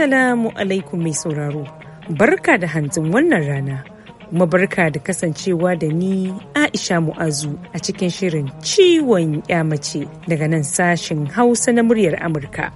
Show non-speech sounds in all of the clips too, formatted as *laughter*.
Assalamu alaikum mai sauraro, barka da hantsin wannan rana, kuma barka da kasancewa da ni Aisha Mu'azu a cikin shirin ciwon mace daga nan sashin Hausa na muryar Amurka.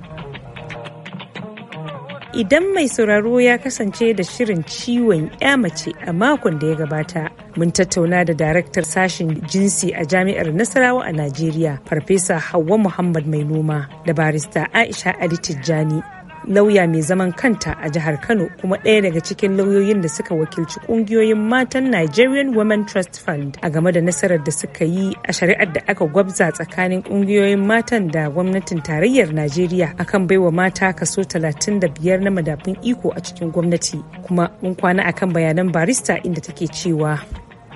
Idan mai sauraro ya kasance da shirin ciwon mace a makon da ya gabata, mun tattauna da daraktar sashen jinsi a jami'ar Nasarawa a Najeriya, Farfesa Hauwa Muhammad Mai Noma da barista Aisha Ali Tijjani lauya mai zaman kanta a jihar Kano kuma ɗaya daga cikin lauyoyin da suka wakilci kungiyoyin matan Nigerian Women Trust Fund a game da nasarar da suka yi a shari'ar da aka gwabza tsakanin kungiyoyin matan da gwamnatin tarayyar Najeriya akan baiwa mata kaso 35 na madafun iko a cikin gwamnati kuma mun kwana akan bayanan barista inda take cewa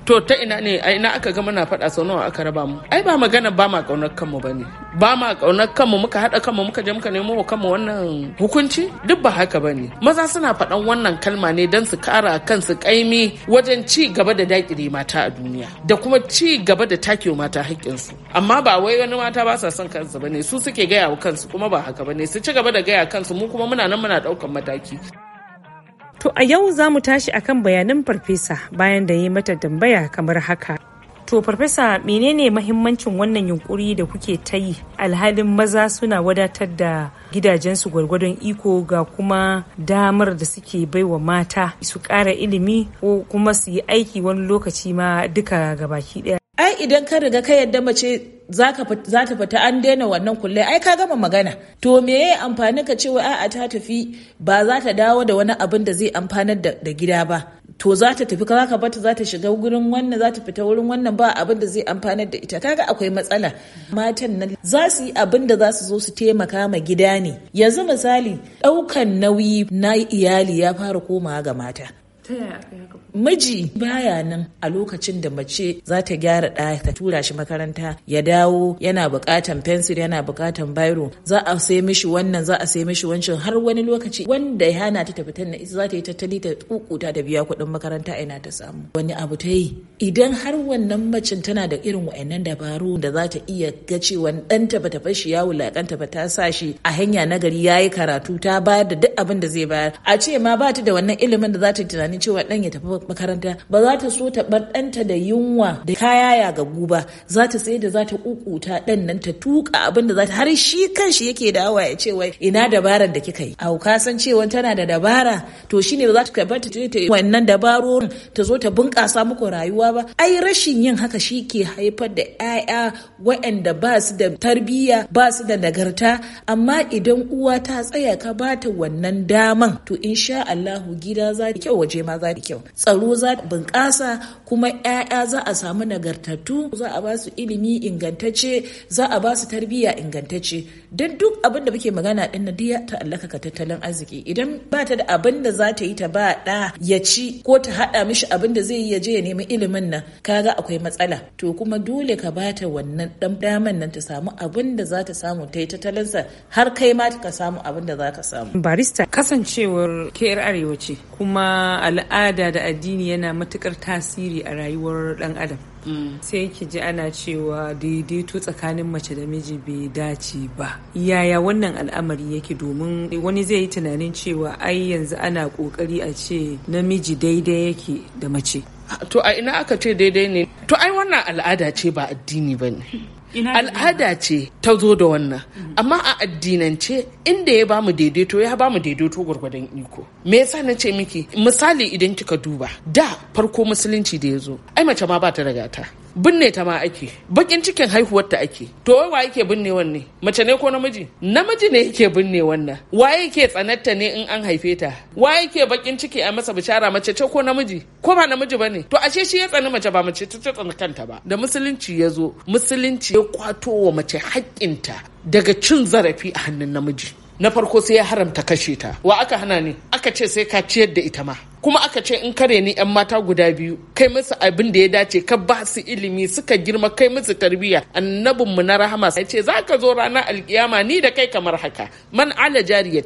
to ta ina ne a ina aka ga muna faɗa sau nawa aka raba mu ai ba magana ba ma ƙaunar kanmu ba ne ba ma ƙaunar kanmu muka haɗa kanmu muka je muka nemo kanmu wannan hukunci duk ba haka ba ne maza suna faɗan wannan kalma ne don su kara kansu kaimi wajen ci gaba da dakire mata a duniya da kuma ci gaba da take mata haƙƙinsu amma ba wai wani mata ba sa son kansu ba ne su suke gaya wa kansu kuma ba haka ba ne su ci gaba da gaya kansu mu kuma muna nan muna ɗaukan mataki To a yau za mu tashi akan bayanin farfesa bayan da yi mata tambaya kamar haka. To farfesa menene mahimmancin wannan yunkuri da kuke ta yi alhalin maza suna wadatar da gidajensu gwargwadon iko ga kuma damar da suke baiwa mata su ƙara ilimi ko kuma su yi aiki wani lokaci ma duka ga baki ɗaya. Ai idan ka riga ka yadda mace za ta fita an daina wannan kulle ai ka gama magana to me yi amfani ka ce a'a ta tafi ba za ta dawo da wani abin da zai amfanar da gida ba to za ta tafi kaza ka bata za ta shiga wurin wannan za ta fita wurin wannan ba abin da zai amfanar da ita kaga akwai matsala matan nan za su yi abin da za su zo su taimaka ma gida ne yanzu misali ɗaukan nauyi na iyali ya fara komawa ga mata miji baya nan a lokacin da mace za ta gyara ɗa ta tura shi makaranta ya dawo yana buƙatan fensir yana buƙatan bairo za a sai mishi wannan za a sai mishi wancan har wani lokaci wanda ya hana ta tafi tanna za ta yi tattali ta kukuta da biya kuɗin makaranta ina ta samu wani abu ta yi idan har wannan macin tana da irin wa'annan dabaru da za ta iya ga cewa ɗanta bata bar shi ya wulaƙanta ba ta sa shi a hanya nagari ya yi karatu ta bayar da duk abin da zai bayar a ce ma ba ta da wannan ilimin da za ta yi tunanin tunanin cewa ɗan ya tafi makaranta ba za ta so ta bar ɗanta da yunwa da kaya ya gagu ba za ta sai da za ta kukuta ɗan nan ta tuka abin da za ta har shi kanshi yake dawa ya ce wai ina dabarar da kika yi a ka san cewa tana da dabara to shine ba za ta kaba ta ta wannan dabarorin ta zo ta bunƙasa muku rayuwa ba ai rashin yin haka shi ke haifar da 'ya'ya waɗanda ba su da tarbiyya ba su da nagarta amma idan uwa ta tsaya ka ba ta wannan daman to insha Allahu gida za ta kyau waje ma za da kyau tsaro za bunƙasa kuma 'ya'ya za a samu nagartattu za a ba su ilimi ingantacce za a ba su tarbiyya ingantacce don duk abin da muke magana din na ya ta'allaka ka tattalin arziki idan ba ta da abin da za ta yi ta ba ɗa ya ci ko ta haɗa mishi abin da zai yi ya je ya nemi ilimin nan kaga akwai matsala to kuma dole ka ba ta wannan ɗan daman nan ta samu abin da za ta samu ta yi tattalinsa har kai ma ka samu abin da za ka samu barista kasancewar ke arewa kuma al'ada da addini yana matukar tasiri a rayuwar dan adam mm. sai ki ji ana cewa daidaito tsakanin mace da miji bai dace ba yaya wannan al'amari yake domin wani zai yi tunanin cewa ai yanzu ana kokari a ce namiji daidai yake da mace to a ina aka ce daidai ne to ai wannan al'ada ce ba addini ba ne *laughs* al'ada ce ta zo da wannan amma a addinance inda ya bamu daidaito ya bamu daidaito gwargwadon iko me yasa na ce miki misali idan kika duba da farko musulunci da ya zo ai mace ma ba ta da gata binne ta ma ake bakin cikin haihuwar ta ake to wai wa yake binne wanne mace ne ko namiji namiji ne yake binne wannan wa yake tsanatta ne in an haife ta wa yake bakin ciki a masa bishara mace ce ko namiji ko ba namiji bane to ashe shi ya tsani mace ba mace ta tsani kanta ba da musulunci ya zo musulunci ya kwato wa mace haƙƙinta daga cin zarafi a hannun namiji na farko sai ya haramta kashe ta wa aka hana ni aka ce sai ka ciyar da ita ma kuma aka ce in kare ni yan mata guda biyu kai musu abin da ya dace ka ba su ilimi suka girma kai musu tarbiyya annabin mu na rahama ya ce za ka zo ranar alkiyama ni da kai kamar haka man ala jariya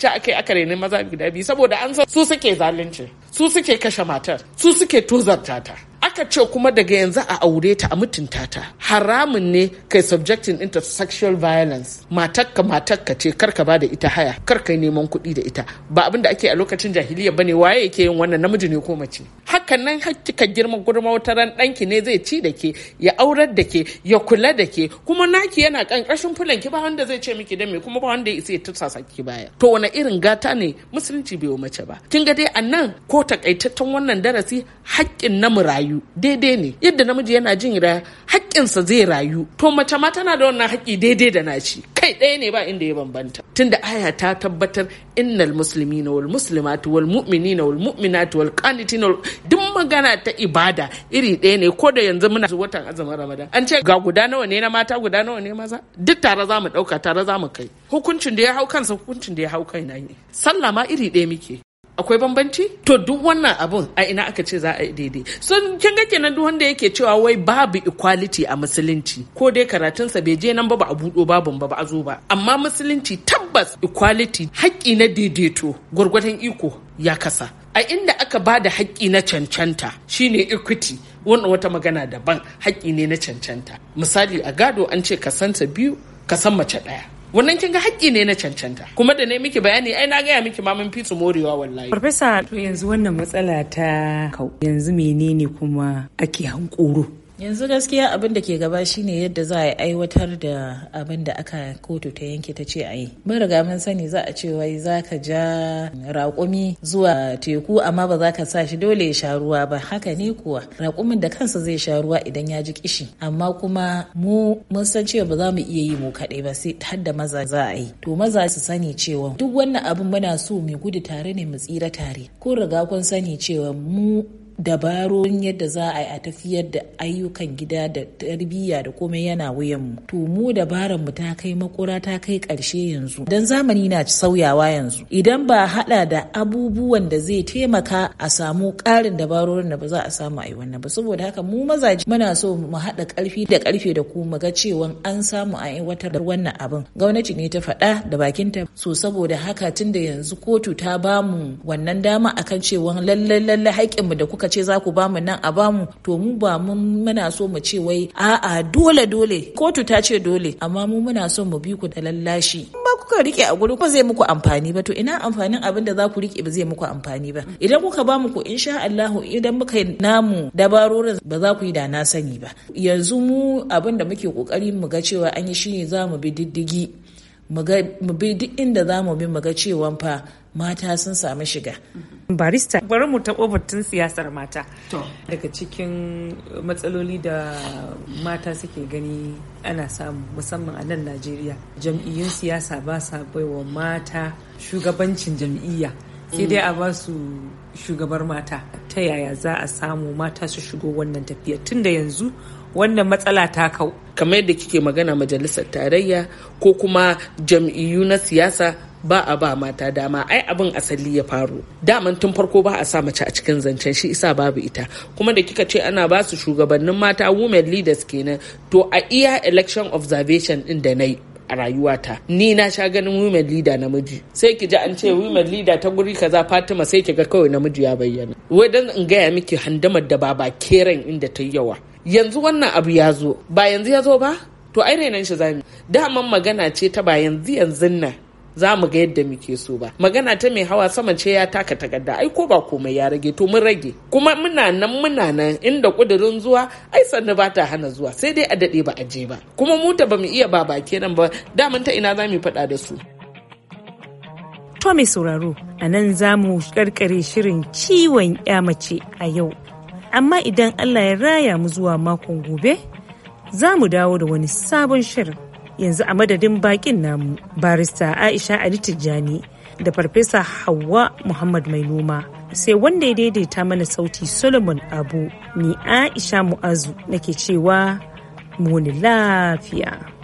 ta akai aka rene maza guda biyu saboda an san su suke zalunci su suke kashe matar su suke tozarta ta aka ce kuma daga yanzu a aure ta a mutunta ta haramun ne kai subjecting into sexual violence matakka matakka ce karka ba da ita haya karka neman kuɗi da ita ba abin da ake a lokacin jahiliya bane waye yake yin wannan namiji ne ko mace hakan nan hakika girma gurma wata ran ɗanki ne zai ci da ke ya aurar da ke ya kula da ke kuma naki yana kankashin fulan ki ba wanda zai ce miki dan me kuma ba wanda ya isa ya tursasa ki baya to wani irin gata ne musulunci bai mace ba kin ga dai a nan ko takaitaccen wannan darasi haƙƙin na murayu rayu daidai ne yadda namiji yana jin ra haƙƙinsa zai rayu to mace ma tana da wannan haƙƙi daidai da naci kai ɗaya ne ba inda ya bambanta tunda aya ta tabbatar innal muslimina wal muslimatu wal mu'minina wal mu'minatu wal qanitina duk magana ta ibada iri ɗaya ne ko da yanzu muna watan azumin ramadan an ce ga guda nawa ne na mata guda nawa ne maza duk tare za mu ɗauka tare za mu kai hukuncin da ya hau kansa hukuncin da ya hau kai na ne sallah ma iri ɗaya muke akwai bambanci to duk wannan abun a ina aka ce za a yi daidai so kin ga kenan duk wanda yake cewa wai babu equality a musulunci ko dai karatun sa bai je nan ba ba a buɗo babun ba ba a zo ba amma musulunci tabbas equality haƙƙi na daidaito gwargwadon iko ya kasa a inda aka ba da haƙƙi na cancanta shine equity wannan wata magana daban haƙƙi ne na cancanta misali a gado an ce kasanta biyu ka san mace ɗaya wannan kin ga haƙƙi ne na cancanta kuma da ne miki bayani ai na gaya miki ma mun fi su morewa wallahi farfesa to yanzu wannan matsala ta kau yanzu menene kuma ake hankoro yanzu gaskiya abin da ke gaba shine yadda za a aiwatar da abin da aka kotu ta yanke ta ce a yi mun riga mun sani za a ce wai za ka ja raƙumi zuwa teku amma ba za ka sa shi dole ya sha ruwa ba haka ne kuwa raƙumin da kansa zai sha ruwa idan ya ji kishi amma kuma mu mun san cewa ba za mu iya yi mu kaɗai ba sai har da maza za a yi to maza su sani cewa duk wannan abin muna so mu gudu tare ne mu tsira tare kun riga kun sani cewa mu dabarun yadda za a yi a tafiyar da ayyukan gida da tarbiyya da komai yana wuyanmu to mu dabaran mu ta kai makura ta kai ƙarshe yanzu dan zamani na sauyawa yanzu idan ba haɗa da abubuwan da zai taimaka a samu ƙarin dabarorin da ba za a samu a wannan ba saboda haka mu mazaje muna so mu haɗa ƙarfi da ƙarfe da kuma ga cewa an samu a aiwatar wannan abin gwamnati ne ta faɗa da bakinta so saboda haka tun da yanzu kotu ta bamu wannan dama akan cewa lalle lallai haƙƙinmu da kuka ce za ku bamu nan a bamu to mu ba mun muna so mu ce wai a'a dole dole kotu ta ce dole amma mu muna so mu bi ku da lallashi ba kuka rike a gurin ba zai muku amfani ba to ina amfanin abin da za ku rike ba zai muku amfani ba idan kuka bamu ku insha Allah idan muka namu dabarorin ba za ku yi da na sani ba yanzu mu abin da muke kokari mu ga cewa an yi shine za mu bi diddigi mu bi duk inda za mu bi mu ga cewa fa mata sun samu shiga. barista bari mu taɓo batun siyasar mata daga cikin matsaloli da mata suke gani ana samu musamman a nan najeriya jam'iyyun siyasa ba sa baiwa mata shugabancin jam'iyya sai dai a ba su shugabar mata ta yaya za a samu mata su shigo wannan tafiya tun da yanzu wannan matsala ta kau kamar yadda kike magana majalisar tarayya ko kuma jam'iyyu na siyasa ba a ba mata dama ai abin asali ya faru daman tun farko ba a sa mace a cikin zancen shi isa babu ita kuma da kika ce ana basu shugabannin mata women leaders kenan to a iya election observation din da na a rayuwata ni na sha ganin women leader namiji sai ki ji an ce women leader ta guri kaza Fatima sai ki ga kawai namiji ya bayyana wai dan in gaya miki handamar da ba ba keren inda ta yawa yanzu wannan abu ya zo ba yanzu ya zo ba to ai renan shi zamu daman magana ce ta ba yanzu yanzu nan za mu ga yadda muke so ba magana ta mai hawa sama ce ya taka takarda ai ko ba komai ya rage to mun rage kuma muna nan muna nan inda kudirin zuwa ai sannu ba ta hana zuwa sai dai a dade ba a je ba kuma mu ba mu iya ba baki nan ba daman ta ina za mu faɗa da su to mai sauraro a nan za mu karkare shirin ciwon ya mace a yau amma idan Allah ya raya mu zuwa makon gobe za mu dawo da wani sabon shirin yanzu a madadin bakin namu barista aisha ali tijjani da farfesa hawa muhammad mai noma sai wanda ya daidaita mana sauti solomon abu ni aisha mu'azu nake cewa mu lafiya.